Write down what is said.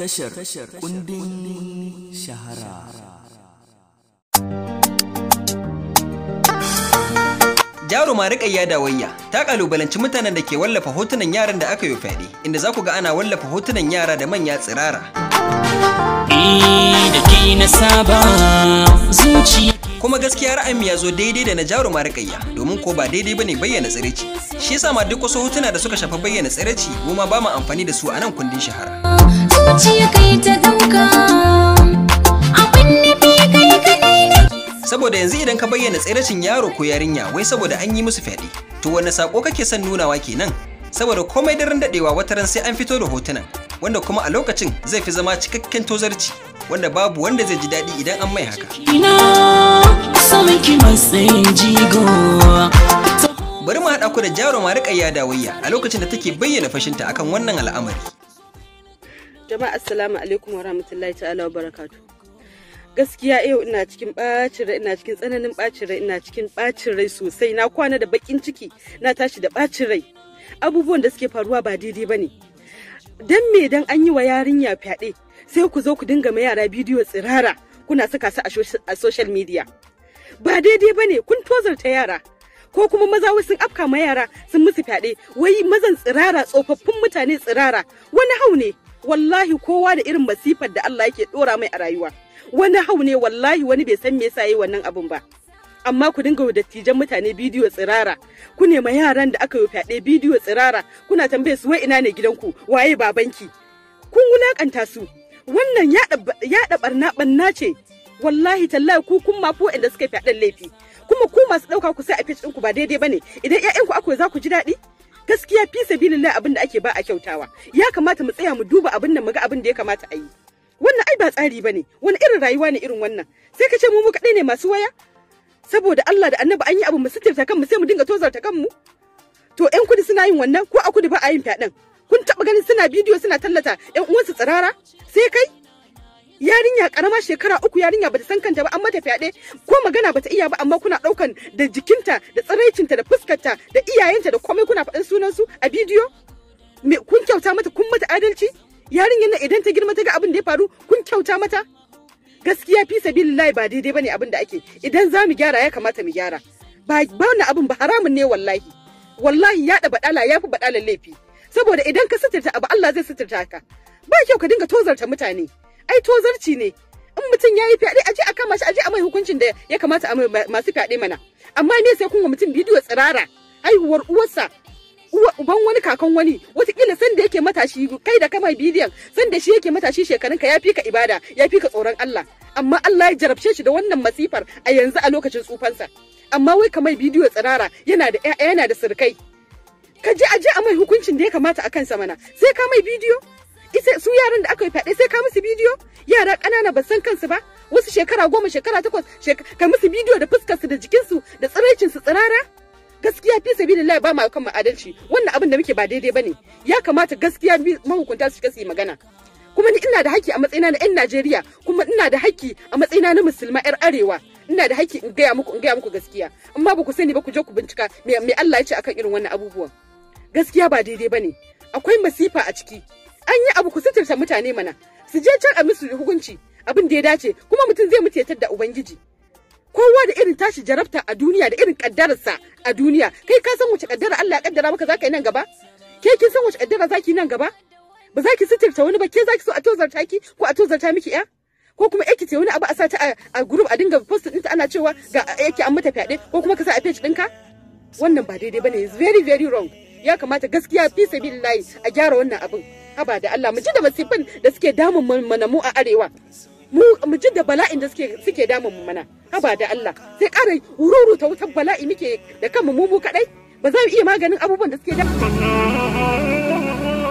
tashar kundin shahara jaruma rikayya dawayya ta kalubalanci mutanen da ke wallafa hotunan yaran da aka yi fyaɗe inda za ku ga ana wallafa hotunan yara da manya tsirara eh, kuma gaskiya ra'ayin ya zo daidai da na jaruma rikayya domin ko ba daidai ba ne bayyana tsiraici shi yasa ma duk wasu hotuna da suka shafa bayyana tsiraici mu ma ba mu amfani da su a nan kundin shahara saboda yanzu idan ka bayyana tsiracin yaro ko yarinya wai saboda an yi musu fyaɗe to wanne sako kake son nunawa kenan saboda komai daren dadewa ran sai an fito da hotunan wanda kuma a lokacin zai fi zama cikakken tozarci wanda babu wanda zai ji daɗi idan an mai haka. Bari mu haɗa ku da jaruma riƙa wayya a lokacin da take bayyana fashinta akan wannan al'amari. jama'a assalamu alaikum wa rahmatullahi ta'ala wa barakatu gaskiya yau ina cikin bacin rai ina cikin tsananin bacin rai ina cikin bacin rai sosai na kwana da bakin ciki na tashi da bacin rai abubuwan da suke faruwa ba daidai bane dan me dan an yi wa yarinya fyaɗe sai ku zo ku dinga ma yara bidiyo tsirara kuna saka su a social media ba daidai bane kun tozarta yara ko kuma maza wasu sun afka ma yara sun musu fyaɗe wai mazan tsirara tsofaffin mutane tsirara wani hau ne wallahi kowa da irin masifar da Allah yake dora mai a rayuwa wani hau ne wallahi wani bai san me yasa yi wannan abun ba amma ku dinga wa dattijan mutane bidiyo tsirara ku nema yaran da aka yi fyaɗe bidiyo tsirara kuna tambaye su wai ina ne gidanku waye babanki kun wulakanta su wannan yaɗa barna barna ce wallahi tallahi ku kun mafi waɗanda suka fyaɗen laifi kuma ku masu ɗauka ku sai a fice ɗinku ba daidai ne. idan ƴaƴanku akwai za ku ji daɗi gaskiya fi sabilillah abin da ake ba a kyautawa ya kamata mu tsaya mu duba abin nan mu ga abin da ya kamata a yi wannan ai ba tsari bane wani irin rayuwa ne irin wannan sai ka ce mu mu kadai ne masu waya saboda Allah da Annabi an yi abu mu sitirta kanmu sai mu dinga tozarta kanmu to yan kudi suna yin wannan ko a kudi ba a yin fyaɗen kun taba ganin suna bidiyo suna tallata yan uwansu tsirara sai kai yarinya karama shekara uku yarinya bata san kanta ba an mata fyaɗe ko magana bata iya ba amma kuna ɗaukan da jikinta da tsiraicinta da fuskarta da iyayenta da komai kuna faɗin sunan su a bidiyo me kun kyauta mata kun mata adalci yarinyar nan idan ta girma ta ga abin da ya faru kun kyauta mata gaskiya fi sabilillahi ba daidai bane abin da ake idan za mu gyara ya kamata mu gyara ba ba wannan abin ba haramun ne wallahi wallahi ya da badala yafi badalan laifi saboda idan ka suturta abu Allah zai suturta ka ba kyau ka dinga tozarta mutane ai zarci ne in mutum ya yi fyaɗe a a kama shi a je a mai hukuncin da ya kamata a masu fyaɗe mana amma me sai kun ga mutum bidiyo tsirara haihuwar uwarsa uban wani kakan wani watakila san da yake matashi kai da kamar bidiyon san da shi yake matashi shekarun ka ya fi ka ibada ya fi ka tsoron Allah amma Allah ya jarabce shi da wannan masifar a yanzu a lokacin tsufansa amma wai kamar bidiyo tsirara yana da yana da sirkai ka je a je a mai hukuncin da ya kamata a kansa mana sai ka mai bidiyo sai su yaran da aka yi fyaɗe sai ka musu bidiyo yara ƙanana ba san kansu ba wasu shekara goma shekara takwas ka musu bidiyo da fuskar su da jikin su da su tsirara gaskiya fi sabilillah ba ma kan adalci wannan abin da muke ba daidai bane ya kamata gaskiya mahukunta su yi magana kuma ni ina da haƙƙi a matsayina na 'yan Najeriya kuma ina da haƙƙi a matsayina na musulma 'yar arewa ina da haƙƙi in gaya muku in gaya muku gaskiya amma ba ku sani ba ku je ku bincika me Allah ya ce akan irin wannan abubuwan gaskiya ba daidai bane akwai masifa a ciki an yi abu ku suturta mutane mana su je can a musu hukunci abin da ya dace kuma mutum zai mutu ya da ubangiji kowa da irin tashi jarabta a duniya da irin kaddararsa a duniya kai ka san wace kaddara Allah ya kaddara maka zaka yi nan gaba ke kin san wace kaddara zaki nan gaba ba za ki wani ba ke za ki so a tozarta ki ko a tozarta miki ya ko kuma yake ce wani abu a sata a group a dinga post ɗinta ana cewa ga yake an mata fyaɗe ko kuma ka sa a page ɗinka wannan ba daidai bane is very very wrong ya kamata gaskiya fi sabilillahi a gyara wannan abin haba da Allah mu ji da masifin da suke damun mana mu a arewa mu mu ji da bala'in da suke suke damun mu mana haba da Allah sai kare wururu ta wutar bala'i muke da kanmu mu mu kadai ba za mu iya maganin abubuwan da suke damun